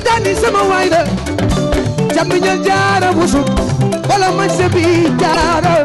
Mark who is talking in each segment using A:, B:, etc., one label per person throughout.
A: Mauritanie sama waay la jàmm ñal jaara busuk wala ma sebi jaara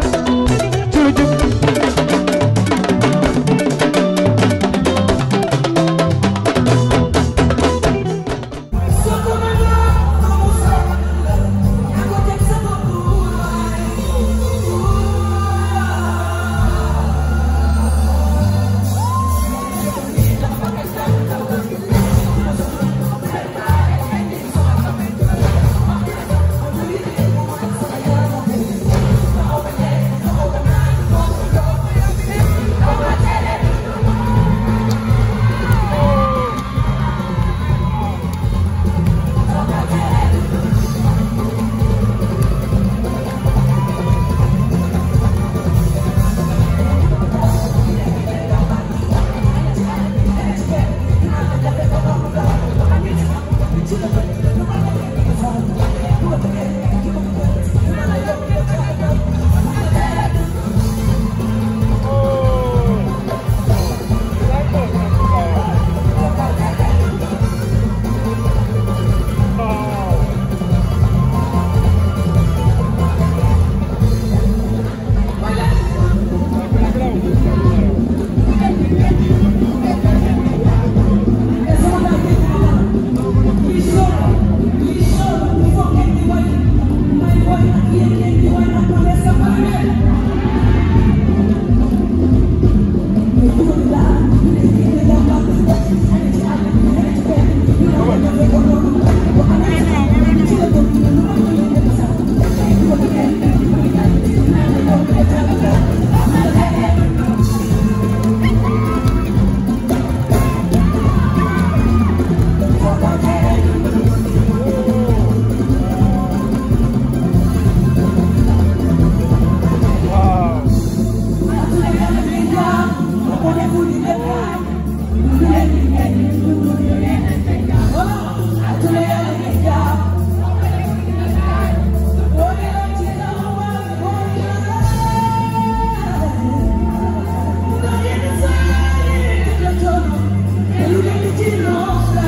A: silence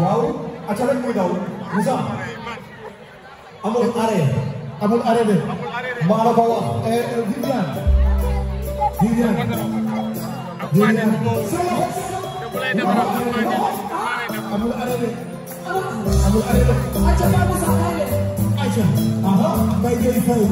A: waaw aca rek muy daw Moussa amul arrêt amul arrêt de maa la ko wax eh, eh, Viviane Viviane Viviane amul arrêt de amul arrêt de aca Moussa aca aha Mbaye Gueye Faye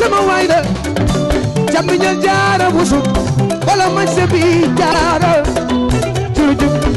A: sama waay la jàmm ñal jaara busub wala ma sebi jaara ci lu